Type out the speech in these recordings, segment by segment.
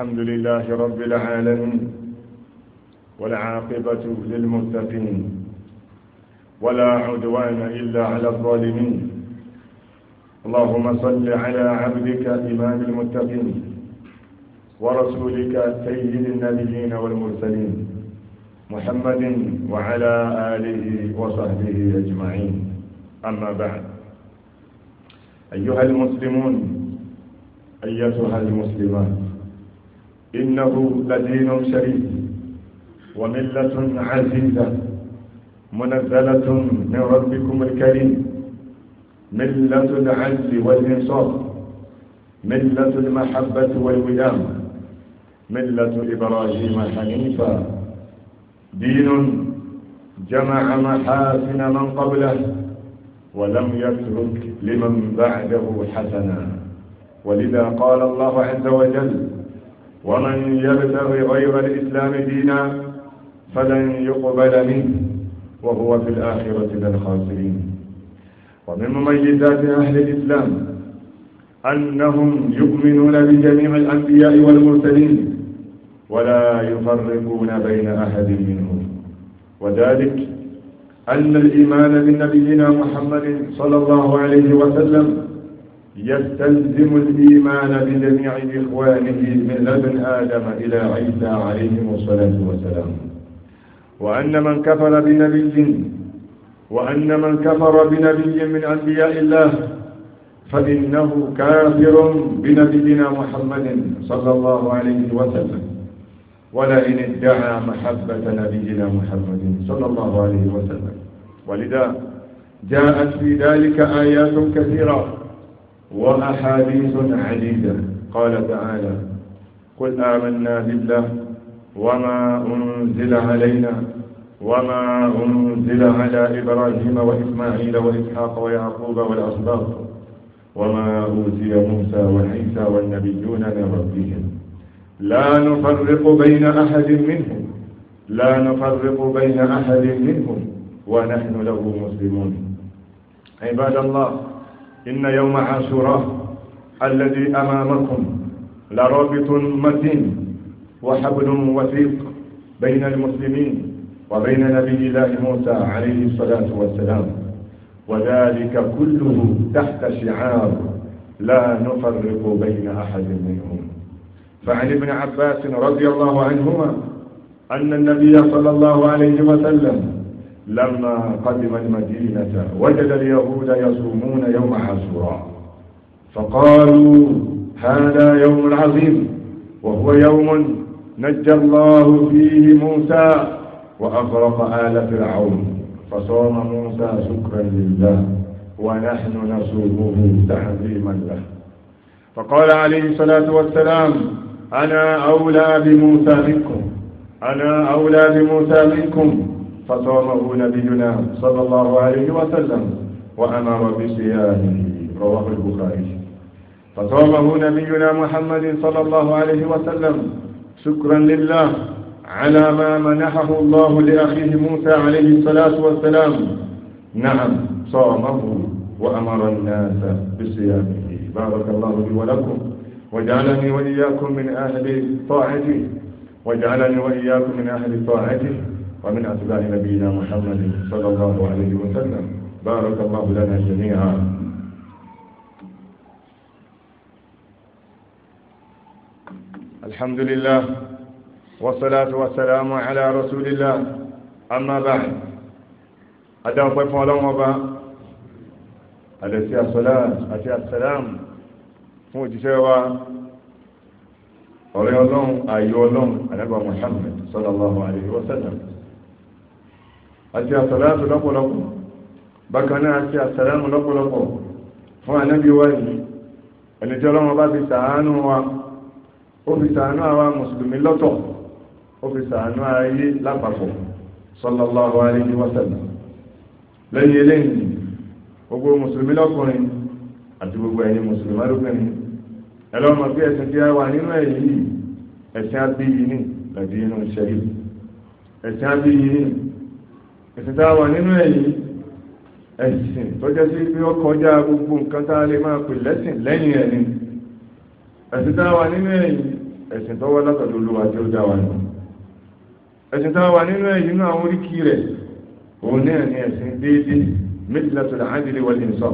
الحمد لله رب العالمين والعاقبة للمتقين ولا عدوان إلا على الظالمين اللهم صل على عبدك إمام المتقين ورسولك سيد النبيين والمرسلين محمد وعلى آله وصحبه أجمعين أما بعد أيها المسلمون أيتها المسلمات إنه لدين شريف وملة عزيزة منزلة من ربكم الكريم ملة العز والإنصاف ملة المحبة والودام ملة إبراهيم حنيفا دين جمع محاسن من قبله ولم يترك لمن بعده حسنا ولذا قال الله عز وجل ومن يبتغ غير الإسلام دينا فلن يقبل منه وهو في الآخرة من الخاسرين ومن مميزات أهل الإسلام أنهم يؤمنون بجميع الأنبياء والمرسلين ولا يفرقون بين أحد منهم وذلك أن الإيمان بنبينا محمد صلى الله عليه وسلم يستلزم الإيمان بجميع إخوانه من لدن آدم إلى عيسى عليهم الصلاة والسلام وأن من كفر بنبي وأن من كفر بنبي من أنبياء الله فإنه كافر بنبينا محمد صلى الله عليه وسلم ولئن ادعى محبة نبينا محمد صلى الله عليه وسلم ولذا جاءت في ذلك آيات كثيرة وأحاديث عديدة قال تعالى قل آمنا بالله وما أنزل علينا وما أنزل على إبراهيم وإسماعيل وإسحاق ويعقوب والأصباط وما أوتي موسى وعيسى والنبيون من ربهم لا نفرق بين أحد منهم لا نفرق بين أحد منهم ونحن له مسلمون عباد الله إن يوم عاشوراء الذي أمامكم لرابط متين وحبل وثيق بين المسلمين وبين نبي الله موسى عليه الصلاة والسلام وذلك كله تحت شعار لا نفرق بين أحد منهم فعن ابن عباس رضي الله عنهما أن النبي صلى الله عليه وسلم لما قدم المدينة وجد اليهود يصومون يوم حسورا فقالوا هذا يوم عظيم وهو يوم نجى الله فيه موسى وأغرق آل فرعون فصام موسى شكرا لله ونحن نصومه تحريما له فقال عليه الصلاة والسلام أنا أولى بموسى منكم أنا أولى بموسى منكم فصامه نبينا صلى الله عليه وسلم وأمر بصيامه رواه البخاري فصومه نبينا محمد صلى الله عليه وسلم شكرا لله على ما منحه الله لأخيه موسى عليه الصلاة والسلام نعم صامه وأمر الناس بصيامه بارك الله لي ولكم وجعلني وإياكم من أهل طاعته وجعلني وإياكم من أهل طاعته ومن أتباع نبينا محمد صلى الله عليه وسلم بارك الله لنا جميعا الحمد لله والصلاة والسلام على رسول الله أما بعد أدعو بيف ولوم وبا التي الصلاة أتي السلام هو جسوا ọ̀rẹ́ ọlọ́run ayé ọlọ́run ànábì Muhammad sallallahu alayhi wa àti àsàlátù lọ́pọ̀lọpọ̀ bákan náà àti àsàlámù lọ́pọ̀lọpọ̀ fún ànábì wa yìí ẹni tí ọlọ́run bá fi ṣàánú wa ó fi ṣàánú àwa mùsùlùmí lọ́tọ̀ ó fi ṣàánú ayé lápapọ̀ sallallahu alaihi wa sallam lẹ́yìn eléyìí gbogbo mùsùlùmí lọ́kùnrin àti gbogbo ẹ̀yin mùsùlùmí lọ́kùnrin ẹlọ́mọ bí ẹ̀sìn tí a wà nínú ẹ̀yìn yìí ẹ̀sìn abíyí ní làdí inú ìṣẹ́yìí ní ẹ̀sìn tá a wà nínú ẹ̀yìn ẹ̀sìn tó jẹ́ sí pé ó kọjá gbogbo nǹkan tá a lè máa pè lẹ́sìn lẹ́yìn ẹ̀ ni ẹ̀sìn wà nínú ẹ̀yìn ẹ̀sìn tó wá látọ̀dọ̀ olúwa tí ó dá wa nù ẹ̀sìn tá a wà nínú ẹ̀yìn inú àwọn oríkì rẹ̀ òun náà ni ẹ̀sìn déédé méjìlá tó làádìrí wọlé ń sọ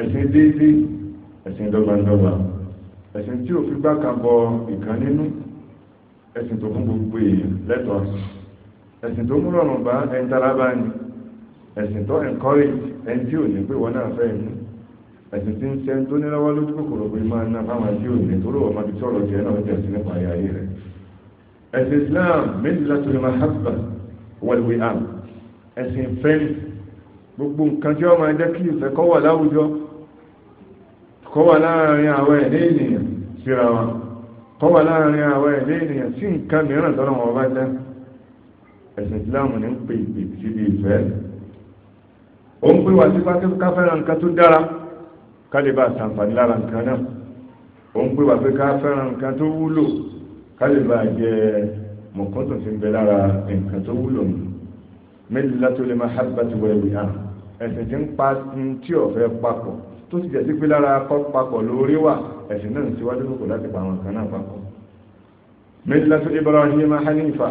ẹ̀sìn déédé ẹ̀sìn dọ́gbandọ́gba ẹ̀sìn tí ò gbá kan bọ ìkan nínú ẹ̀sìn tó fún gbogbo èèyàn lẹ́tọ̀ọ́ ẹ̀sìn tó múlò ọ̀nà bá ẹni tara bá ní ẹ̀sìn tó encourage ẹni tí ò ní pé wọ́n náà fẹ́ ní ẹ̀sìn tí ń ṣe tó ní lọ́wọ́ lójú kòkòrò pé máa ná fáwọn tí ò ní tó lọ́wọ́ máa fi sọ̀rọ̀ jẹ́ náà jẹ́ sí nípa ayé ayé rẹ̀ ẹ̀sìn Islam méjì láti lè máa hábà wọlé àm ẹ̀sìn fẹ́ni gbogbo nǹkan tí wọ́n máa jẹ́ kí ìfẹ́ kọ́ wà láwùjọ kọ́ wà láàárín àwọn ẹ̀dẹ́ ènìyàn síra wọn kọ́ wà láàárín àwọn ẹ̀dẹ́ ènìyàn sí nǹkan mìíràn tọ́nà wọn bá jẹ́ ẹ̀sìn ìsìláàmù ní ń pè ìpè síbi ìfẹ́ ó ń pè wá sí pátákó ká fẹ́ràn nǹkan tó dára ká lè bá àtàǹfààní lára nǹkan náà ó ń pè wá pé ká fẹ́ràn nǹkan tó wúlò ká lè bá jẹ mọ̀kán tó ti ń bẹ lára nǹkan tó wúlò mi méjì látó lè máa hábà ti wọlé wíhá ẹ̀sìn tí ń pa tí ọ̀fẹ́ papọ̀ tó ti jẹ́ sí pé lára papọ̀ lórí wà ẹ̀sìn náà ń síwájú kòkò láti pa àwọn kan náà papọ̀ méjì látó Ibrahim Hanifa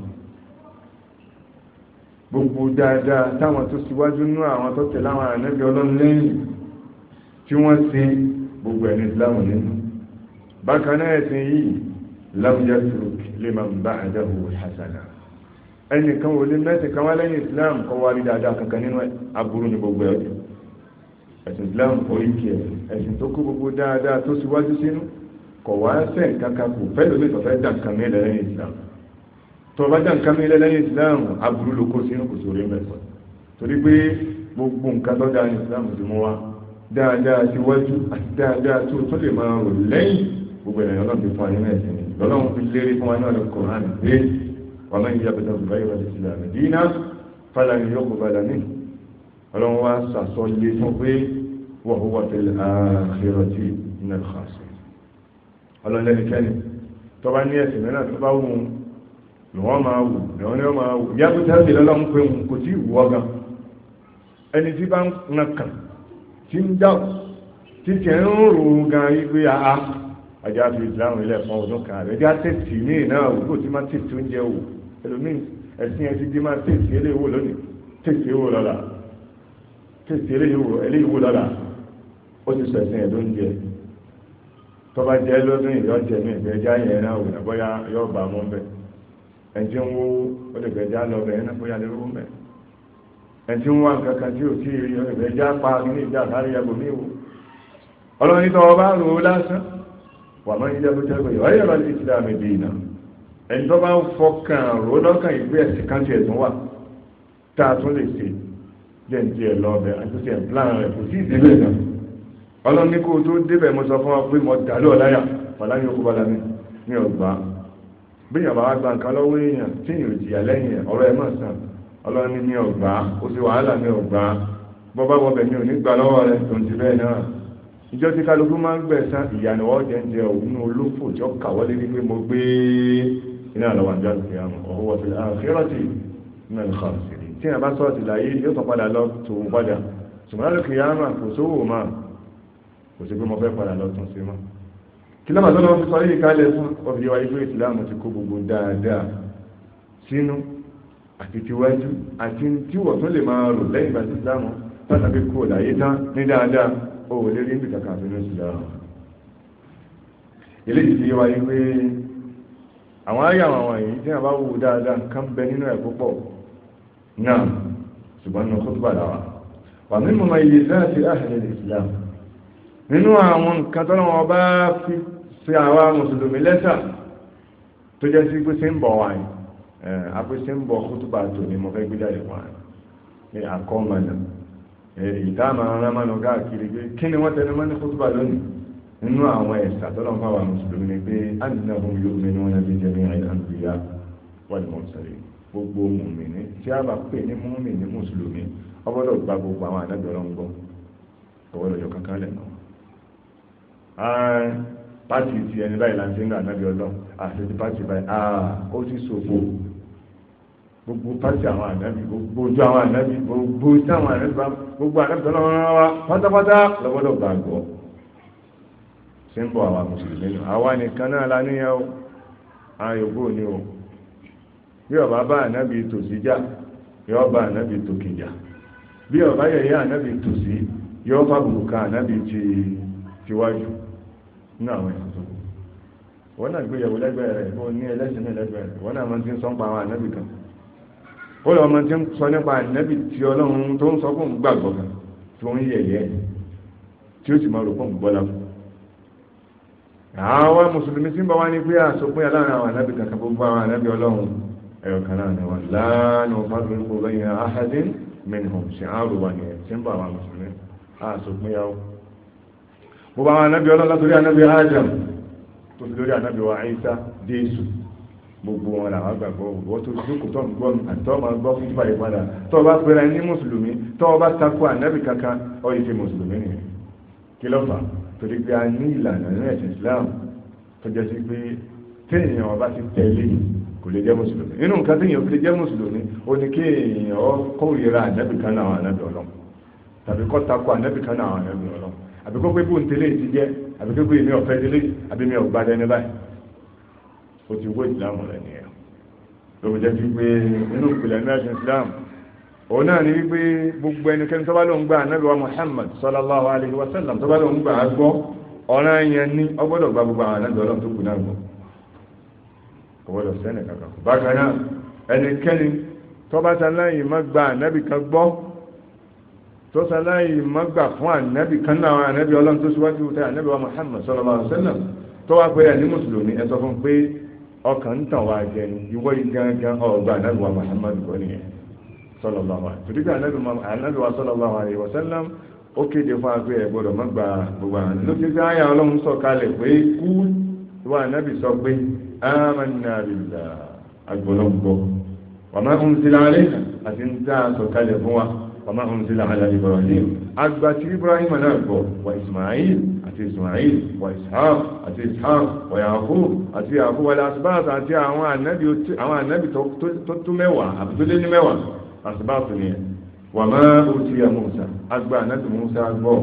gbogbo dáadáa táwọn tó síwájú nú àwọn tó tẹ̀lé àwọn ànábì ọlọ́run lẹ́yìn tí wọ́n ṣe gbogbo ẹni islam nínú bákan náà ẹ̀sìn yìí láwùjá sùrùkì lè máa ń bá àdáhù hasana ẹnìkan wò lé mẹ́sìn kan wá lẹ́yìn islam kọ́ wá rí dáadáa kankan nínú aburú ní gbogbo ẹ̀jọ́ ẹ̀sìn islam kọ́ ìkì ẹ̀sìn tó kó gbogbo dáadáa tó síwájú sínú kọ̀ wá sẹ́ǹkankan kò fẹ́ lómi ìfọ̀fẹ́ dà kan mẹ́lẹ̀ lẹ́yìn islam tó bá dá nǹkan mílẹ̀ lẹ́yìn islam aburú ló kó sínú kò sórí mẹ́sàn torí pé gbogbo nǹkan tó dáa ní islam ti mú wa dáadáa síwájú àti dáadáa tó tó lè máa rò lẹ́yìn gbogbo ènìyàn náà ti fún ayé náà ẹ̀sìn ni lọ́lọ́run fi lérí fún ayé náà lọ kọ̀ọ̀hán pé wà máa ń yí abẹ́tà bùbá yóò wájú sílẹ̀ àmì dínà fàlà ní yóò kó ní ọlọ́run wá sàsọ lé fún pé wọ́n ó wà fẹ́lẹ̀ àkérọ̀tì iná lọ́kàn sí ọlọ́run lẹ́nikẹ́ni tó bá ní ẹ̀sìn mẹ́rin tó bá wù ú lọ́wọ́ máa wù lọ́wọ́ ni wọ́n máa wù ìyá tó tẹ́lẹ̀ lọ́lọ́ ń pè wọn kò tí ì wù ọgàn ẹni tí bá ń na kàn tí ń dá tí tiẹ̀ ń rò ó gan yí pé a ah, ah, ajá fi ìsìlámù ilẹ̀ fún ọdún kan rẹ̀ ẹjá tètè ní ìnáwó àwùjọ tí máa tètè oúnjẹ wò ẹlòmíì ẹ̀sìn ẹ̀sìn dé máa tètè eléyìí wò lónìí tètè wò lọ́la tètè eléyìí wò lọ́la ó ti sọ ẹ̀sìn ẹ̀dọ́ oúnjẹ tọ́ba jẹ́ lọ́dún ìyọ́jẹ̀ mi ìgbẹ́jà yẹn náà wò náà bóyá yọ ẹ̀jẹ̀ ń wo ó lè bẹ̀ẹ́ já lọ bẹ̀ẹ́ náà bóyá lè rówó mẹ́ ẹ̀jẹ̀ ń wá nǹkan kan tí ò tí ì rí ó lè bẹ̀ẹ́ já pa ní ìjà sáré yàgò mí wò ọlọ́run nítorí ọba rò ó lásán wà máa ń yẹ kó jẹ́ pé ìwà yẹ̀rọ ní ìsìlámù bíi náà ẹni tó bá ń fọkàn rò lọ́kàn ìgbé ẹ̀sìn kan tiẹ̀ tún wà tá a tún lè ṣe jẹ́ ní tiẹ̀ lọ bẹ̀ ẹ̀ plan rẹ̀ kò sí ìdílé náà ọlọ́run kó o tó débẹ̀ mo bíyàn bá wá gba nǹkan lọ́wọ́ èèyàn tí ìrìn ìjìyà lẹ́yìn ọ̀rọ̀ ẹ̀ mọ̀ sàn ọlọ́ni ní ọ̀gbá ó sì wàhálà ní ọ̀gbá bọ́bá wọbẹ̀ ní onígbà lọ́wọ́ rẹ̀ tó ń ti bẹ́ẹ̀ náà ìjọ tí kálukú máa ń gbẹ̀sán ìyànìwọ́ jẹ́ ń jẹ òun olófò tí ó kàwọ́lé ní pé mo gbé iná àlọ́wà ìjọ àti àmọ́ ọ̀hún wọ́n ti àfihàn náà ń kàn sí ìsìlámù tó lọ́wọ́ fi sọ yìí kálẹ̀ fún ọ̀fìyẹ̀wà ìlú ìsìlámù ti kó gbogbo dáadáa sínú àti tiwájú àti tíwọ̀ tó lè máa rò lẹ́yìn ìgbà ìsìlámù tàbí kó láyé tán ní dáadáa ó wò lérí níbi kàkà àfihàn ìsìlámù. eléyìí ti wáyé pé àwọn ayé àwọn àwọn yìí tí wọn bá wù dáadáa nǹkan bẹ nínú ẹ̀ púpọ̀ náà ṣùgbọ́n nínú kótó bàdà wa wà mímú ma iye sáà ti àhẹ̀lẹ̀ nínú àwọn nǹkan tó lọ́wọ́ bá fi sí àwa mùsùlùmí lẹ́sà tó jẹ́ sí pé ṣe ń bọ̀ wá ní apé ṣe ń bọ̀ kútùbà tò ní mo fẹ́ gbé jáde wá ní àkọ́mọ̀nà ìdáàmà arámánà káàkiri pé kí ni wọ́n tẹnu mọ́ ní kútùbà lónìí nínú àwọn ẹ̀sà tọ́lọ́ fún àwa mùsùlùmí ni pé àdínà fún yóò mi ní wọn náà fi jẹ ní àìlànà wọ́n mọ̀ sẹ́lẹ̀ gbogbo mùmìnì tí a bá pè ní mùmìnì mùsùlùmí ọgbọ́dọ̀ gba gbogbo àwọn àdájọ́ ọlọ́ngbọ́n ọgbọ́dọ̀ yọ kankan lẹ́nu pàtì ti ẹni báyìí láti ń ràn nábì ọlọ́run àti ti pàtì báyìí àà ah, ó ti ṣòfò gbogbo pàtì àwọn ànábì gbogbo ojú àwọn ànábì gbogbo tí àwọn ànábì bá gbogbo ànábì tọ́lọ́ rán wa pátápátá lọ́gbọ́dọ̀ gbàgbọ́ ṣé ń bọ̀ àwọn mùsùlùmí nù àwa nìkan náà la níyàn o àyògbò ni o bí ọba bá ànábì tòsí já yọ bá ànábì tòkè já bí ọba yẹ̀yẹ́ ànábì tòsí yọ fábùkù ká ànábì ti tiwájú nínú àwọn ẹ̀sìn tó kù wọn náà gbéyàwó lẹ́gbẹ̀ẹ́ rẹ̀ bó ní ẹlẹ́sìn náà lẹ́gbẹ̀ẹ́ rẹ̀ wọn àwọn ànábì kan ó lọ́ máa ti ń sọ nípa ànábì tí ọlọ́run ń sọ kan tó ń yẹ̀yẹ́ tí ó sì máa rò fún gbọ́lá fún àwọn mùsùlùmí tí ń bá wá ní pé àsopin aláàrin àwọn ànábì kankan gbogbo àwọn ànábì ọlọ́run ẹ̀rọ kan náà ni wọn láàánú fásitì gbogbo yẹn ahadin minhum ṣe àrùwà yẹn tí ń bá àwọn mùsùlùmí àsopin yàwó gbogbo àwọn anábì ọlọ́run látòrí anábì Adam tó fi lórí anábì wa Isa déésù gbogbo wọn làwọn gbàgbọ́ òwò tó dúkù tó ń gbọ́ àtọ́ máa gbọ́ fún ìfàyè padà tó o bá pera ní mùsùlùmí tó o bá takò ànábì kankan ọ yìí ṣe mùsùlùmí nìyẹn kí ló fà torí pé a ní ìlànà ní ẹ̀sìn Islam tó jẹ́ sí pé téèyàn ọba ti tẹ̀lé kò lè jẹ́ mùsùlùmí inú nǹkan téèyàn fi lè jẹ́ mùsùlùmí ó ní kí èèyàn kórìíra ànábì kan náà àwọn kó takò ànábì kan náà àwọn ànábì àbí kó pé bóun tẹ́lẹ̀ ti jẹ́ àbí kó pé èmi ọ̀fẹ́ tẹ́lẹ̀ àbí mi ọ̀gbá dẹni báyìí ó ti wó ìsìláàmù rẹ̀ nìyẹn ló fi jẹ́ sí pé nínú ìpìlẹ̀ ní ẹ̀sìn ìsìláàmù òun náà ni wípé gbogbo ẹnikẹ́ni tó bá lóun gbà ànábì wa Muhammad sallallahu alayhi wa sallam tó bá lóun gbà á gbọ́ ọ̀ràn yẹn ní ọgbọ́dọ̀ gba gbogbo àwọn ànábì ọlọ́run tó kù náà gbọ́ ọgbọ́dọ̀ sẹ́nì kankan bákan náà ẹnikẹ́ni tó bá má gba ànábì kan gbọ́ tó sáláì mọ́gbà fún ànábì kan náà àwọn ànábì ọlọ́run tó síwájú tẹ ànábì wa Muhammad sallallahu alaihi wasallam tó wá pé ẹni mùsùlùmí ẹ sọ fún pé ọkàn ń tàn wá jẹ ìwọ yìí gángan ọgbà ànábì wa Muhammad kọ́ nìyẹn sallallahu alaihi torí pé ànábì wa sallallahu alaihi wasallam ó kéde fún agbé ẹ gbọ́dọ̀ mọ́gbà gbogbo àwọn ló ti fi àyà ọlọ́run sọ kalẹ̀ pé kú wa ànábì sọ ọmọ àwọn sílẹ̀ àlà Ibrahim àgbà tí Ibrahim náà gbọ́ wa Ismail àti Ismail wa Ishaq àti Ishaq wa Yaqub àti Yaqub wa asibáàtì àti àwọn ànábì tó tó mẹ́wàá àti tó lé ní mẹ́wàá asibáàtì ni wà má ó ti yà Musa àgbà ànábì Musa gbọ́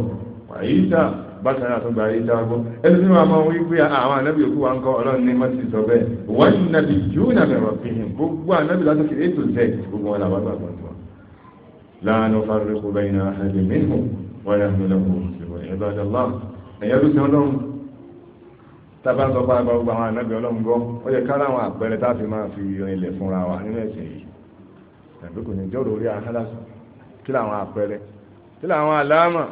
wà Isa bákan náà tó gba ayé dáàbò ẹni tí wọn máa wí pé àwọn anábì òkú wa ń kọ ọlọ́run ní mọ́tì sọ bẹ́ẹ̀ wọ́n nàbì yóò nàbì rọ̀ fi hàn gbogbo anábì ètò لا نفرق بين أحد منهم ونحن له مسلمون عباد الله ẹ̀yẹ́ ló ti ọlọ́run tábà ń sọ pé àgbà gbogbo àwọn ànábì ọlọ́run gbọ́ ó yẹ kára àwọn àpẹẹrẹ tá a fi máa fi ilẹ̀ fúnra wa nínú ẹ̀sìn yìí ẹ̀bí kò ní jọ́rò orí ahálàsọ kí làwọn àpẹẹrẹ kí làwọn àlámà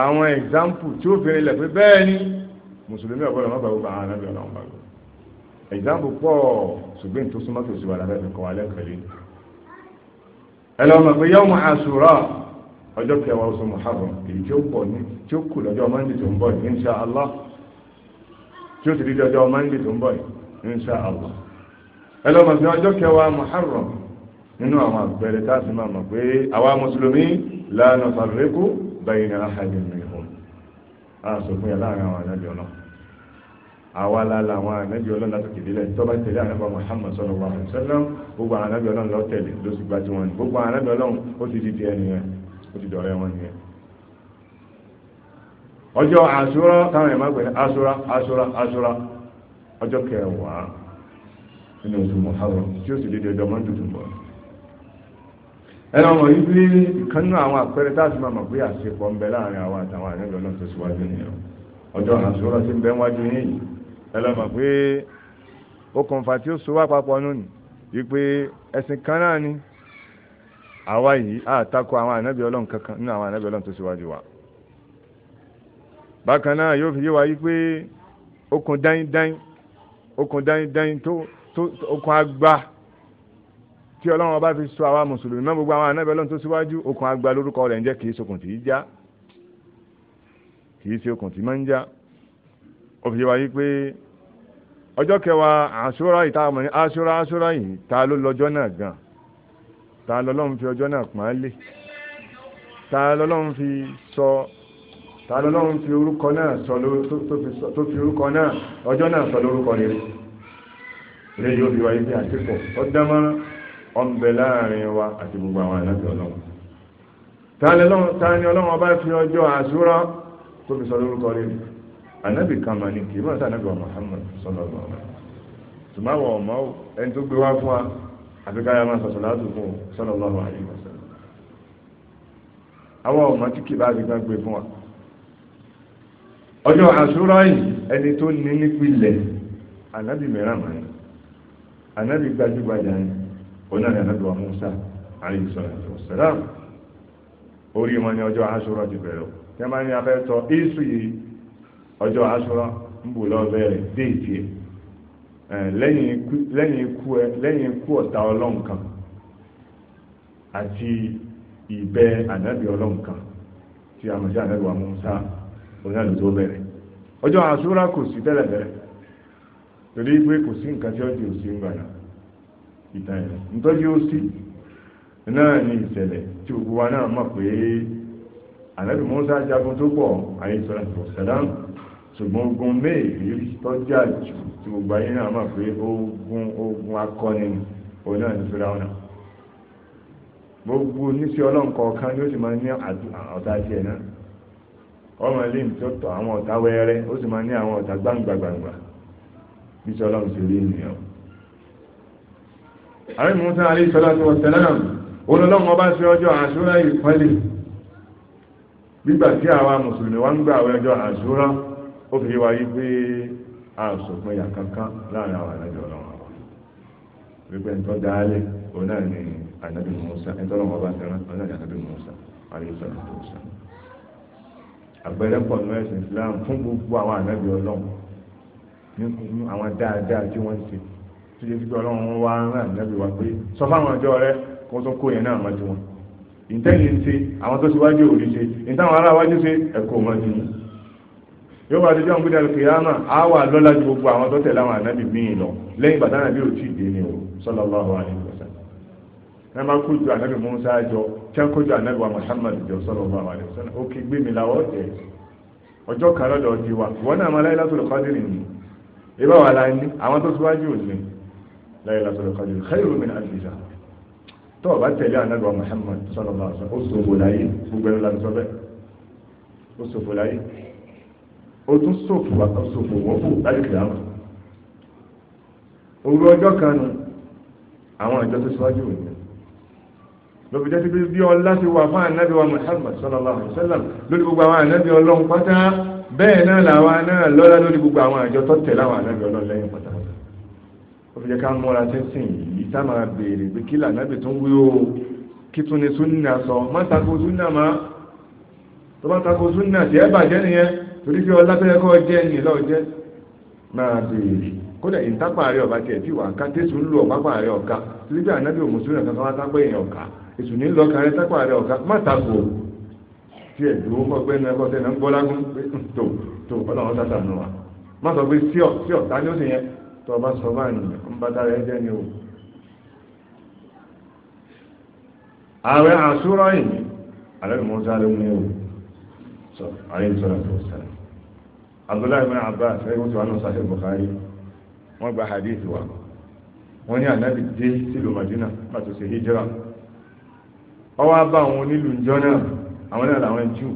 àwọn ẹ̀gbáǹpù tí ó fi rinlẹ̀ bẹ́ẹ̀ ni mùsùlùmí ọ̀gbọ́dọ̀ ẹlọ́mọ̀ pé yọ́ mọ̀ àṣùrà ọjọ́ kẹwàá oṣù muharram èyí tí ó pọ̀ ní tí ó kù lọ́jọ́ mọ́ndé tó ń bọ̀ yìí insha allah tí ó sì dídí ọjọ́ mọ́ndé tó ń bọ̀ yìí insha allah ẹlọ́mọ̀ pé ọjọ́ kẹwàá muharram nínú àwọn àpẹẹrẹ tá a sì máa mọ̀ pé àwa mùsùlùmí la nufarriqu bayna ahadin minhum àṣòfin yà láàrin àwọn àjọjọ náà àwa la làwọn ànábì ọlọ́run látòkè délẹ̀ tó tẹ̀lé ànábà Muhammad sallallahu alaihi wasallam gbogbo àwọn ànábì ọlọ́run lọ tẹ̀lé ló sì gbájú wọn gbogbo àwọn ànábì ọlọ́run ó ti di tiẹ̀ ó ti dọ̀rẹ́ wọn nìyẹn ọjọ́ àṣúrà táwọn ẹ̀má pẹ̀lú àṣúrà àṣúrà àṣúrà ọjọ́ kẹwàá nínú oṣù tí ó sì ọjọ́ bọ̀ àwọn àpẹẹrẹ ẹlọ́mọ̀ pé okùnfà tí ó so wá papọ̀ nù ní wípé ẹ̀sìn kan náà ni àwa yìí àtakò àwọn ànábì ọlọ́run kankan nínú àwọn ànábì ọlọ́run tó síwájú wa bákan náà yóò fi yé wa wípé okùn dáindáin okùn dáindáin tó okùn agba tí ọlọ́run ọba fi so àwa mùsùlùmí mọ́ gbogbo àwọn ànábì ọlọ́run tó síwájú okùn agba lórúkọ rẹ̀ ń jẹ́ kì sokùn tì já kì í okùn tì máa ń já òfin wa yí pé ọjọ́ kẹwàá àṣúra yìí táwọn ní àṣúra àṣúra yìí ta ló lọ́jọ́ náà gan ta lọ́lọ́run fi ọjọ́ náà pọ́n á lé ta lọ́lọ́run fi sọ ta lọ́lọ́run fi orúkọ náà sọ tó fi orúkọ náà ọjọ́ náà sọ lórúkọ rere ilé yóò fi bí àtìkọ ó dámọ́rán ọ̀nbẹ láàrin wa àti gbogbo àwọn àyàfi ọlọ́run ta ni ọlọ́run ọba fi ọjọ́ àṣúra tó fi sọ lórúkọ rere anabi kama mà ní kì í wa Muhammad sallallahu alaihi wasallam tùmáwọ̀ ọ̀mọ́ ẹni tó gbé wá fún wa àfi máa sọ̀sọ̀ láti fún sallallahu alaihi wasallam àwọn ọ̀mọ́ tí kì bá fi gbá gbé fún wa yìí ẹni tó ní mìíràn gbajúgbajà onáni wa Musa alayhi a ní abẹ́ yìí ọjọ́ aṣọ́rọ́ ń bò lọ bẹ̀rẹ̀ déètì ẹ̀ lẹ́yìn ikú ọ̀tá àti ìbẹ́ ànábì ọlọ́run tí a mọ̀ sí ànábì wa tó bẹ̀rẹ̀ ọjọ́ aṣọ́rọ́ kò sí tẹ́lẹ̀ bẹ̀rẹ̀ torí pé kò sí nǹkan tí ó di òsì ń gbàdá ìtàn ẹ̀ ó náà ni ìṣẹ̀lẹ̀ tí gbogbo wa náà ṣùgbọ́n ogun méèlì tọ́jà jù tí gbogbo ayé náà mọ̀ pé ogun ogun akọni òun náà ní náà gbogbo oníṣẹ́ ọlọ́nkọ̀ọ̀kan ni ó sì máa ní ọ̀tá tiẹ̀ náà ọmọ ilé ní tó tọ̀ àwọn ọ̀tá wẹ́rẹ́ ó sì máa ní àwọn ọ̀tá gbangba gbangba ọlọ́run sì rí ènìyàn. àwọn ìmúta alẹ́ ìsọlá tó wọ́n náà ọjọ́ àṣúrà gbígbà tí àwa mùsùlùmí ó fi wáyé pé a sòpin ìyà kankan láàrin àwọn àlejò ọlọ́run àwọn wípé ń tọ́ dáálẹ̀ òun náà ni ànábì Mùsá ń tọ́lọ́ wọn bá ti rán òun náà ni ànábì Mùsá àríṣà tó sá àgbẹ̀rẹ̀ pọ̀ ní ẹ̀sìn Islam fún gbogbo àwọn ànábì ọlọ́run ní àwọn dáadáa tí wọ́n ti tí yẹn ti gbé ọlọ́run wá rán ànábì wa pé sọ fáwọn ọjọ́ rẹ kó tó kó yẹn náà mọ́ tiwọn ìtẹ́yìn ṣe àwọn tó ṣíwájú òrìṣe ìtàwọn aráwájú ṣe ẹ̀kọ́ mọ́ tiwọn yóò bá dojọ́ ọ̀gbìn dàlù kìyàmà á wà lọ́lá ju gbogbo àwọn tó tẹ̀lé àwọn ànábì míì lọ lẹ́yìn bàtà nàbí ò tí ì dé ni o sallallahu alaihi wasallam ẹ máa kó ju ànábì Musa jọ kí á kó ju ànábì wa Muhammad jọ sallallahu alaihi wasallam ó kí gbé mi làwọ̀ tẹ̀ ọjọ́ kan lọ́dọ̀ ọdí wa wọn náà máa Lailatul Qadri ni ibà wà láyé ní àwọn tó síwájú òní láyé gbogbo ẹnu ó tún sòfò àtọ sòfò wọ́n fò láti kìlá wọn. òru ọjọ́ kan nu àwọn ìjọ tó síwájú òní lóbi jẹ́ síbi bí ọlá ti wà fún ànábì wa Muhammad sallallahu alayhi wa sallam lórí gbogbo àwọn ànábì ọlọ́run pátá bẹ́ẹ̀ náà làwọn náà lọ́lá lórí gbogbo àwọn àjọ tó tẹ̀ láwọn ànábì ọlọ́run lẹ́yìn pátá ó fi jẹ́ ká múra sínsìn yìí tá máa béèrè pé kí lànábì tó ń wí o kí tún ni súnà sọ má tako súnà má tó bá tako súnà tí ẹ bàjẹ́ nìyẹn torí pé ọlá tó yẹ kọ́ jẹ́ ní lọ́ọ́ jẹ́ máa béèrè kódà ìtàpá rẹ̀ ọ̀bá tiẹ̀ tí wàá ká tẹ̀sùn lù ọ̀pápá rẹ̀ ọ̀ká torí pé ànábì òmùsùlùmí kankan wá sápẹ́ èèyàn ọ̀ká èsù ní lọ́ọ̀ká rẹ̀ sápá rẹ̀ ọ̀ká má tako tiẹ̀ dúró kọ́ gbẹ́ ní ẹkọ́ gbọ́ lágún pé tó tó ọlọ́run nù má sọ pé sí sí tá ní yẹn tó ọba sọ bá ní ń bá ni o. abdullahi ibn abbas ẹni wọ́n ti wà ní sahih gba hadith wa wọ́n ní anabi dé sílùú madina pàtó sí hijira n'ilu abá àwọn onílù ń ala àwọn náà làwọn jù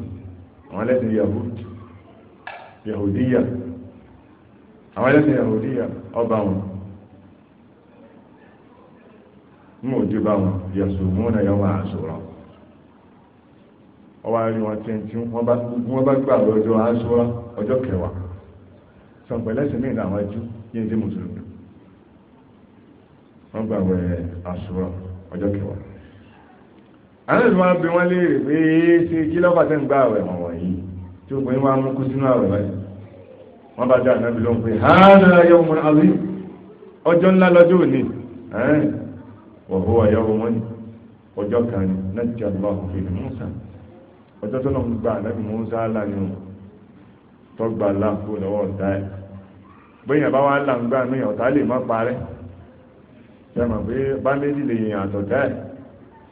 àwọn ẹlẹ́sìn yahud yahudiya àwọn ẹlẹ́sìn yahudiya ọba wọn mú òjò bá wọn yẹsùn mú náà yọ wọn àṣùrọ wọn bá ọjọ́ kẹwàá sọ̀pẹ̀lẹ́sìn mìíràn àwọn ẹjú yín tí mùsùlùmí wọ́n gbà wẹ̀ àṣùrọ̀ ọjọ́ kẹwàá àwọn ìlú máa bí wọ́n lè rí sí kí lọ́pàá tẹ́ ń gbà àwẹ̀ wọ̀n wọ̀nyí tí ó pè wọ́n mú kú sínú àwẹ̀ báyìí wọ́n bá dá ànábì ló ń pè ọjọ́ ńlá lọ́jọ́ òní wa huwa yawmun ọjọ́ kan náà ti àlọ́ tọ́gbà láǹkó lọ́wọ́ ọ̀tá ẹ̀ bóyá bá wà láǹgbà mí ọ̀tá lè má parẹ́ ṣe mọ̀ pé bá méjì lè yìn àtọ̀tá ẹ̀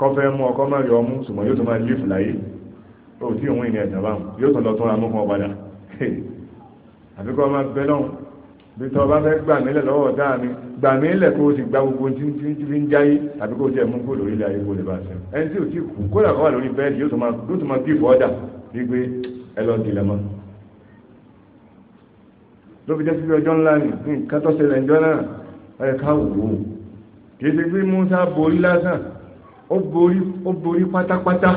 kọ́fẹ́ mú ọkọ́ má rí ọmú ṣùgbọ́n yóò tó máa lífù láyé ó tí òun ìní ẹ̀sán báwọn yóò tó lọ tó ra mú fún ọ̀padà àfi kọ́ máa bẹ́ lọ́hùn bí tọ́ bá fẹ́ gbà mílẹ̀ lọ́wọ́ ọ̀tá mi gbà mílẹ̀ kó o sì gba gbogbo tí fi ń jáyé àbí kó o jẹ́ mú kó lórí ilé ayé kó lè bá a sẹ́wọ̀n ẹni tí ò tí kú kó làkọ́ wà lórí bẹ́ẹ̀dì yóò tó máa bí fọ́ọ́dà wípé ẹ lọ́ọ́ di lẹ́mọ́ ló fi jẹ́ sí ọjọ́ ńlá ní nǹkan tó ṣẹlẹ̀ ìjọ náà ẹ̀ ká wò ó kìí ṣe pé Musa borí lásán ó borí ó borí pátápátá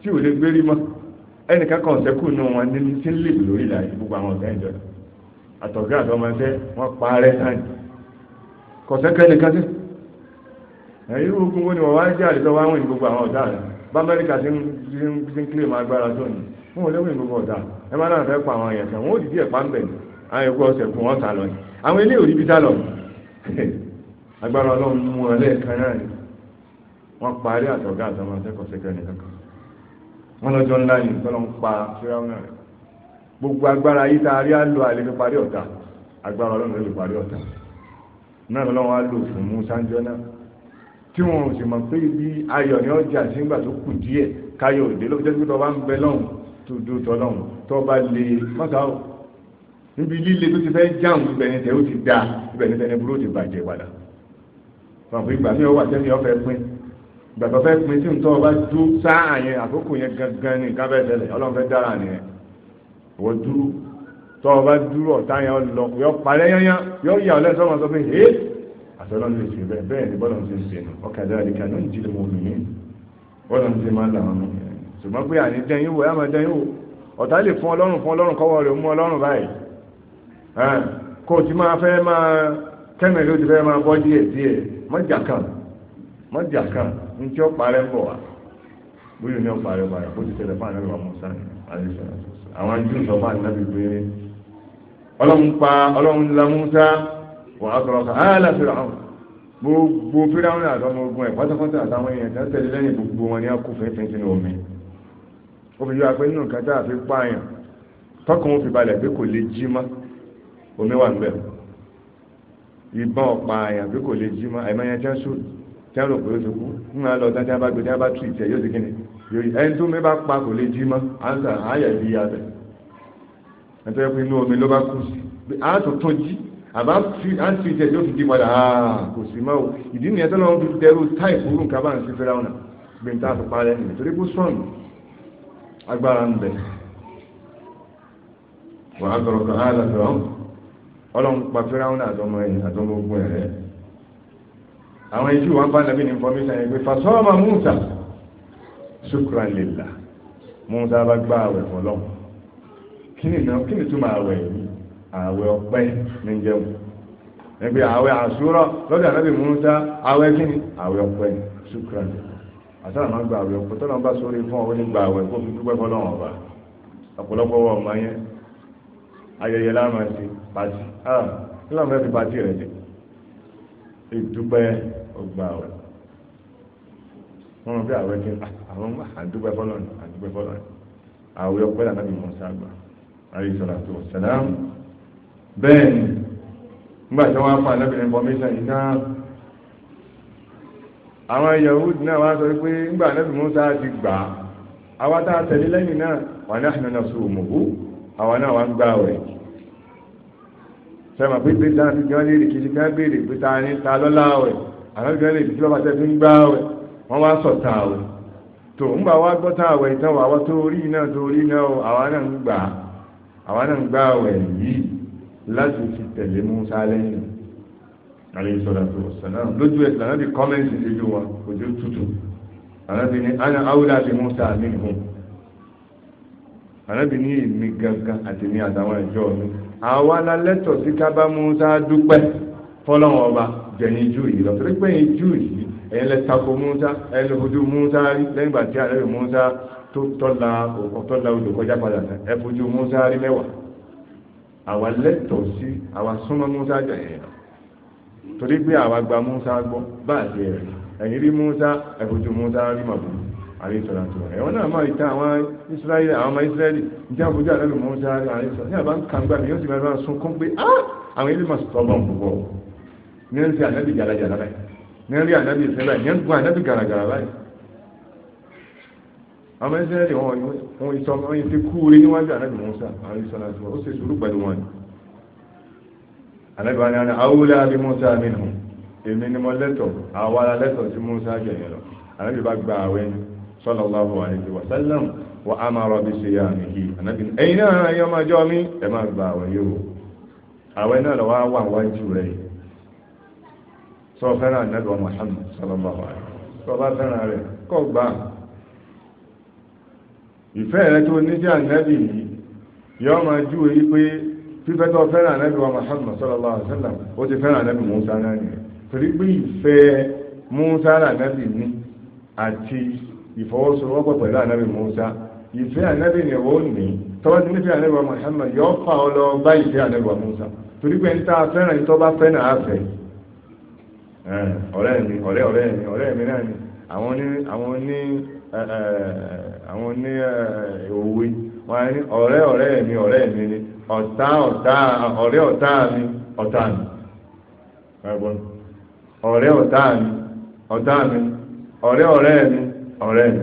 tí ò lè gbérí mọ́ ẹnìkan kan ọ̀sẹ̀ kù nù wọn ní sí lè lórí ìlà gbogbo àwọn ọ̀sẹ̀ ìjọ àtọ̀gá àtọmọṣẹ́ wọn pa rẹ́ sáà kọ̀sẹ́kẹ́ nìkan sí ẹ̀yí ogun wo ni wọ́n wá ń jẹ́ àdìsọ́ wá ń wìn gbogbo àwọn ọ̀dà rẹ̀ bá amẹ́ríkà ti ń kílè máa gbára tó ní fún òléwìn gbogbo ọ̀dà ẹ má náà fẹ́ pa àwọn èèyàn kan wọ́n ó dìde ẹ̀pá ń bẹ̀ ni àwọn ẹ̀kọ́ ọ̀sẹ̀ fún wọn sálọ ni àwọn ilé òrí bí sálọ agbára ọlọ́run mú ọ lẹ́ẹ̀kan náà ni wọ́n parí àtọ̀gá àtọmọ akẹ́kọ̀ọ́ sẹ́kẹ̀rì kankan wọ́n lọ́jọ́ ńlá ni tọ́lọ́ ń pa fírámù rẹ̀ gbogbo agbára yìí tá a rí àlọ́ àlè fi parí ọ̀tá agbára ọlọ́run ló lè parí ọ̀tá náà lọ́wọ́ á lò fún musa ń jọ́nà tí wọn ò sì mọ̀ pé ibi ayọ̀ ni ọjà sí ńgbà tó kù díẹ̀ káyọ̀ òde ló fi pé tọ́ ń bẹ lọ́hùn tó dúró tọ́ lọ́hùn lè mọ́ta níbi líle tó ti fẹ́ jáàmù ibẹ̀ ni tẹ̀ ó ti dáa ibẹ̀ ni tẹ̀ni burú ti bàjẹ́ padà fàǹfù ìgbà mi ò wà sẹ́ni ọ̀fẹ́ pín ìgbà tó fẹ́ pín tí nǹkan ọba dú sáà yẹn àkókò yẹn gangan ni nǹkan fẹ́ tẹ̀lé ọlọ́run fẹ́ dára nìyẹn wọ́n dúró tọ́ ọba dúró ọ̀tá yẹn lọ yọ parẹ́ yányá yọ yà ọ́ lẹ́sọ̀ wọn sọ pé hé àtọ́lọ́run lè ṣe bẹ́ẹ̀ bẹ́ẹ̀ ni bọ́lọ̀ ń ṣe ṣe nù ọkàdá àdìkà ló ń jílé wọn mi bọ́lọ̀ ń ṣe máa làwọn mi ṣùgbọ́n kò tí máa fẹ́ máa kẹ́mẹ̀ ló ti fẹ́ máa bọ́ díẹ̀ díẹ̀ mọ́jà kan mọ́jà kan ní tí ó parẹ́ bọ̀ wá bóyá ní ó parẹ́ bọ̀ wá kó ti tẹ̀lé fáwọn ẹ̀rọ ọmọ sáà àwọn jù sọ fáwọn ẹ̀rọ ìgbé ọlọ́run pa ọlọ́run la Musa wà á sọ̀rọ̀ sáà á láti rà áwọn gbogbo fíráwọn àtọmọ ogun ẹ̀ pátápátá àtàwọn èèyàn tó tẹ̀lé lẹ́yìn gbogbo wọn ni a kú fẹ́ẹ́ fẹ́ẹ́ sínú omi ó fi yọ apẹ́ nínú nǹkan tá a fi pààyàn tọkàn ó fi balẹ̀ pé kò lè jí mọ́ omi wà níbẹ̀ ìbọn ọ̀pá àyàn bí kò lè jí mọ́ àìmọ́ yẹn tí wọ́n sùn tí wọ́n rò lọ tán bá gbé bá tù yóò ẹni tó mi bá pa kò lè jí mọ́ àǹsà àyà bí ya ẹni tó yẹ inú omi ló bá kú sí jí àbá o ìdí nìyẹn tó fi táì nǹkan bá ń ọ̀nà parẹ́ nìyẹn torí kó agbára ń kan á ọlọ́run pa fẹ́ráhùn àtọmọ ẹ̀yìn àtọmọ ogun ẹ̀rẹ́ àwọn ijú wọn bá nàbí ní information yẹn pé Musa ṣukran lèlà Musa bá gbá àwẹ̀ fọlọ́ kí ni túmọ̀ àwẹ̀ yìí àwẹ̀ ọpẹ́ ní jẹun ẹgbẹ́ Musa àwẹ̀ àwẹ̀ ọpẹ́ lèlà máa gba àwẹ̀ ọpẹ́ ayẹyẹ láàmà sí pàtí ah nílànà fẹ́ fi pàtí rẹ̀ jẹ́ ìdúpẹ́ ọgbà ọ̀rẹ́ wọ́n mọ̀ bí àwẹ́ kí àwọn àdúpẹ́ fọ́lọ́nì àdúpẹ́ fọ́lọ́nì àwẹ́ ọpẹ́ lànà bí wọ́n sáàgbà àrí sọ̀rọ̀ àti ọ̀sẹ̀lám bẹ́ẹ̀ ni nígbà tí wọ́n á fà lẹ́bìn information yìí náà àwọn Yahud náà wá sọ pé nígbà lẹ́bìn Musa ti gbà á àwọn tá a tẹ̀lé lẹ́yìn náà wà ní àhìnà náà sọ òmùhú àwọn náà wá ń gbà wẹ̀ sẹ́mà pé pé dáná ti gbọ́n léèrè kí ti ká béèrè pé ta ni ta lọ́la wẹ̀ àná gbọ́n léèrè kí bàbá tẹ́tí ń gbà wẹ̀ wọ́n wá sọ ta wẹ̀ tó ń bá wá gbọ́ tá wẹ̀ ìtàn wà wá torí náà torí náà àwa náà ń gbà àwa náà ń gbà wẹ̀ yìí láti fi tẹ̀lé Musa lẹ́yìn alayhi salatu wassalam lójú ẹ̀ lànà bí kọ́mẹ́ǹtì ṣe wa òjò tútù lànà bí ni ana awúlà bí Musa minhum ànábì ní èmi gangan àti ní àtàwọn ẹ̀jọ́ mi àwa la lẹ́tọ̀ sí kábà Musa dúpẹ́ fọlọ́wọn ọba jẹ̀yìn jù yìí lọ torí pé ẹ̀yin jù yìí ẹ̀yin lẹ tako Musa ẹ̀yin lẹ fojú Musa rí lẹ́yìn ìgbà tí ànábì Musa tó tọ́la tọ́la odò kọjá padà tán ẹ fojú Musa rí mẹ́wàá àwa lẹ́tọ̀ sí àwa súnmọ́ Musa jẹ̀yìn lọ torí pé àwa gba Musa gbọ́ báàsì ẹ̀rí ẹ̀yin rí Musa ẹ fojú rí màbúrú àríṣọ́látọ̀ ẹ̀wọ́n náà máa ìta àwọn israẹli àwọn ọmọ israẹli ìjẹ́ àbújá àlẹ́lù mọ́sá àríṣọ́ ní àbá ń kà ń gbà mí yóò sì máa sún kún pé àwọn ilé máa sọ̀bọ̀ púpọ̀ ní ń ṣe ànábì jàlájàlá báyìí ní ń rí ànábì ìṣẹ́lá ní ń gun ànábì gàràgàrà báyìí àwọn israẹli wọn ìtọ́ wọn ti kú orí níwájú ànábì mọ́sá àríṣọ́látọ̀ ó ṣe sùúrù pẹ̀lú wọn ànábì wọn ni àwùlá bí mọ́sá mi nù èmi ni mo lẹ́tọ̀ àwọn alẹ́tọ̀ tí mọ́sá jẹ̀yẹ̀ lọ ànábì bá gba àwẹ̀ ni sallallahu alayhi wa sallam wa amara bi siyamihi ànábì ẹ̀yin náà ayé ọmọ ọjọ́ mi ẹ máa gba àwẹ̀ yìí o àwẹ̀ náà lọ́wọ́ wà wájú rẹ̀ sọ fẹ́ràn ànábì Muhammad sallallahu alayhi wa sallam sọ bá fẹ́ràn rẹ̀ kọ́ gbà ìfẹ́ rẹ̀ tó ní jẹ́ ànábì yìí yọ máa jú èyí pé fífẹ́ tó fẹ́ràn ànábì wa Muhammad sallallahu alayhi wa sallam ó ti fẹ́ràn ànábì Musa náà nìyẹn torí pé ìfẹ́ Musa ànábì ní àti ìfọwọ́sowọ́pọ̀ pẹ̀lú ànábì Musa ìfẹ́ ànábì ni ó ní tọ́wọ́ ti nífẹ̀ẹ́ ànábì Muhammad yọ fà ọ lọ bá ìfẹ́ ànábì Musa torí pé ń ta fẹ́ràn ní tọ́ba fẹ́ràn àfẹ́ ọ̀rẹ́ mi ọ̀rẹ́ ọ̀rẹ́ mi ọ̀rẹ́ mi náà ni àwọn ní àwọn ní àwọn ní òwe wọn ní ọ̀rẹ́ ọ̀rẹ́ mi ọ̀rẹ́ ọ̀rẹ́ ọ̀tá mi ọ̀tá mi ọ̀rẹ́ ọ̀tá mi ọ̀tá mi ọ̀rẹ́ ọ̀rẹ́ mi ọ̀rẹ́ mi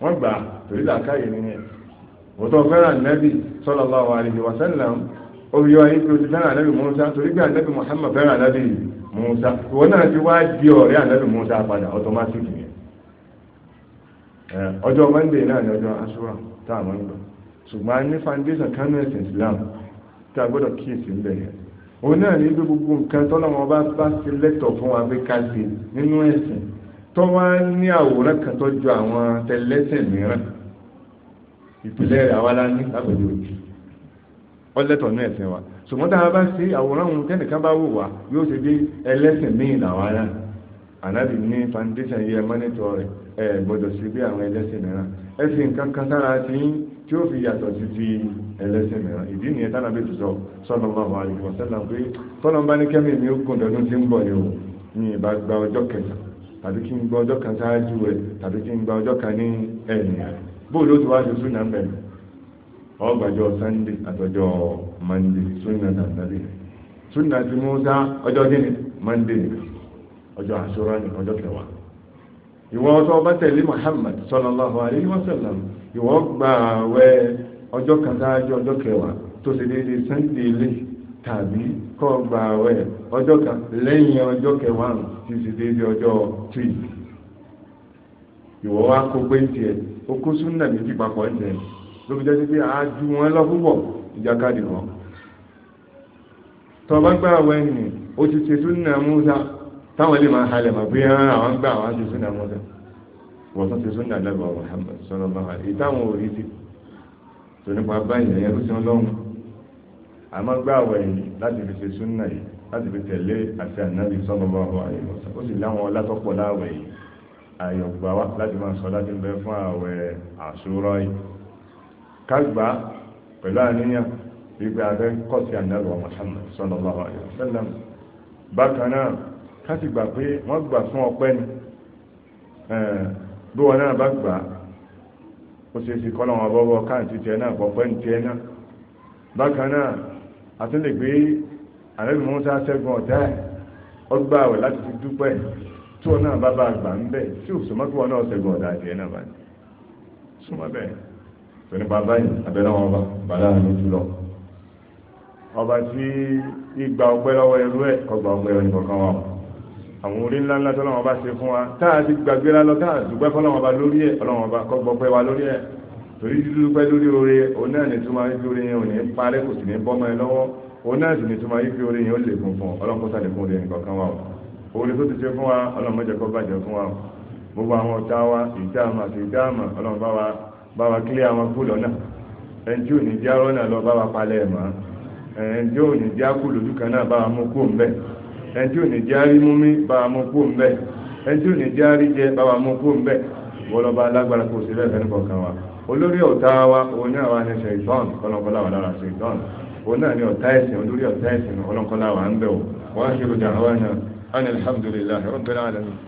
wọ́n gbà torí làákàyè nìyẹn òótọ́ fẹ́ràn nẹ́bì sallallahu alaihi wa sallam orí wa yìí tó fẹ́ràn nẹ́bì Musa torí pé ànẹ́bì Muhammad fẹ́ràn nẹ́bì Musa ìwọ náà ti wá di ọ̀rẹ́ Musa padà ọjọ́ náà ni ọjọ́ tá a ń gbà ṣùgbọ́n ní foundation kánú Islam tá a gbọ́dọ̀ kíyèsí ń bẹ̀rẹ̀ òun náà ní gbogbo nǹkan tó wá ní àwòrán kan tó ju àwọn tẹlẹsìn mìíràn ìpìlẹ̀ rẹ̀ àwa la ní lágbègbè òkè ọlẹ́tọ̀ ní ẹ̀sìn wa ṣùgbọ́n tá a bá ṣe àwòrán ohun kẹ́nìkan bá wò wá yóò ṣe bí ẹlẹ́sìn míì làwa ànábì ní foundation yẹ mọ́nítọ̀ rẹ̀ ẹ gbọ́dọ̀ sí bí àwọn ẹlẹ́sìn mìíràn ẹ̀sìn kankan sára ti ń tí ó fi yàtọ̀ sí ti ẹlẹ́sìn mìíràn ìdí nìyẹn tánà bí tó sọ sọ́nà bá wà á yìí pé tọ́nà bá ní kẹ́mì ní ó gùn dọ́dún tí ń bọ̀ ni ò ní ìbá gba ọjọ́ kẹsàn tàbí kí n gba ọjọ́ kan ṣáájú rẹ̀ tàbí kí n gba ọjọ́ kan ní ẹ̀yìn bóòlù ó ti wá ṣe súnà mẹ́rin ọgbàjọ sunday àtọjọ monday súnà tàbí súnà ti Mùsá ọjọ́ gíní monday ọjọ́ àṣúrà ni ọjọ́ kẹwàá ìwọ ọtọ ọba tẹ̀lé Muhammad sallallahu alaihi wasallam ìwọ gbà wẹ̀ ọjọ́ kan ṣáájú ọjọ́ kẹwàá tó ṣe déédéé sunday lẹ́yìn tàbí kọ́ gba àwẹ̀ ọjọ́ kan lẹ́yìn ọjọ́ kẹwàá ti sì déédéé ọjọ́ twin ìwọ wa kó pé ń tiẹ̀ ó kó súnà méjì papọ̀ ń tiẹ̀ ló fi jẹ́ pé àájú wọn lọ púpọ̀ ìjàkadì wọn tọ́ bá gbá àwẹ̀ nì ó ti ṣe súnà Mùsá táwọn lè máa halẹ̀ mọ̀ pé àwọn gbà àwọn ṣe súnà Mùsá wọ́n tún ṣe súnà lẹ́bàá Muhammad sọ́nà bá wà ìtàwọn òrí ti nípa báyìí ẹ̀yẹ́ àmọ́ gbààwẹ̀ yìí láti fi ṣe súnà yìí láti fi tẹ̀lé àti ànábì sallallahu alaihi wasallam ó sì láwọn ọlátọ́pọ̀ láàwẹ̀ yìí àyọ̀gbà wá láti máa sọ láti bẹ fún àwẹ̀ àṣúrọ̀ yìí kágbà pẹ̀lú àníyàn gbígbé abẹ́ kọ́ sí ànábì Muhammad sallallahu alaihi wasallam bákan náà ká sì gbà pé wọ́n gbà fún ọpẹ́ ni bí wọn náà bá gbà ó ṣe é ṣe kọ́ lọ́wọ́ bọ́bọ́ káàntì tiẹ̀ náà pọ̀pẹ́ ní tiẹ̀ náà bákan náà àtún lè gbé àrẹ́bì Mùsá ṣẹ́gun ọ̀tá ẹ̀ ọgbà àwẹ̀ láti fi dúpẹ́ tí wọn náà bá bá àgbà ń bẹ̀ tí òṣù mọ́tò wọn náà ṣẹ́gun ọ̀tá àti ẹ̀ náà bá ní súnmọ́ bẹ́ẹ̀ tó nípa báyìí abẹ́rẹ́ wọn bá bàdá àmì jùlọ ọba tí ìgbà ọgbẹ́ lọ́wọ́ ẹrú ẹ̀ ọgbà ọgbẹ́ ẹni kọ̀ọ̀kan wọn àwọn orí ńlá ńlá tọ́lọ́wọ́n bá ṣe fún wa táà ti gbàgbé lálọ́ táà dúpẹ́ fọ́lọ́wọ́n bá lórí ẹ̀ ọlọ́wọ́n bá kọ́gbọ́pẹ́ wa lórí ẹ̀ torí dídúpẹ́ lórí oore òun náà ní túmọ̀ wípé oore yẹn ò ní parẹ́ kò sì ní bọ́mọ ẹ lọ́wọ́ òun náà sì ní túmọ̀ wípé oore yẹn ó lè fún fún ọlọ́kùnrin sàlẹ̀ fún oore nǹkan kan wà o oore tó ti ṣe fún wa ọlọ́mọdé kọ́ bàjẹ́ fún wa o gbogbo àwọn ọ̀tá wa ìdáàmà àti ìdáàmà ọlọ́run bá wa bá wa kílé àwọn kú lọ́nà ẹni tí ò ní já rọ́nà lọ bá wa palẹ̀ ẹ̀ mọ́ ẹni tí ò ní já kú lójú kan náà bá wa mú kú ńbẹ ẹni tí tí ò olórí ọ̀tá wa òun náà wà ní ṣèitán kọ́lọ́kọ́lá wà lára ṣèitán òun náà ní ọ̀tá ẹ̀sìn olórí ọ̀tá ẹ̀sìn kọ́lọ́kọ́lá wà ń bẹ̀ wọ́n ṣe lójà àwọn náà alhamdulillahi rabbil alamin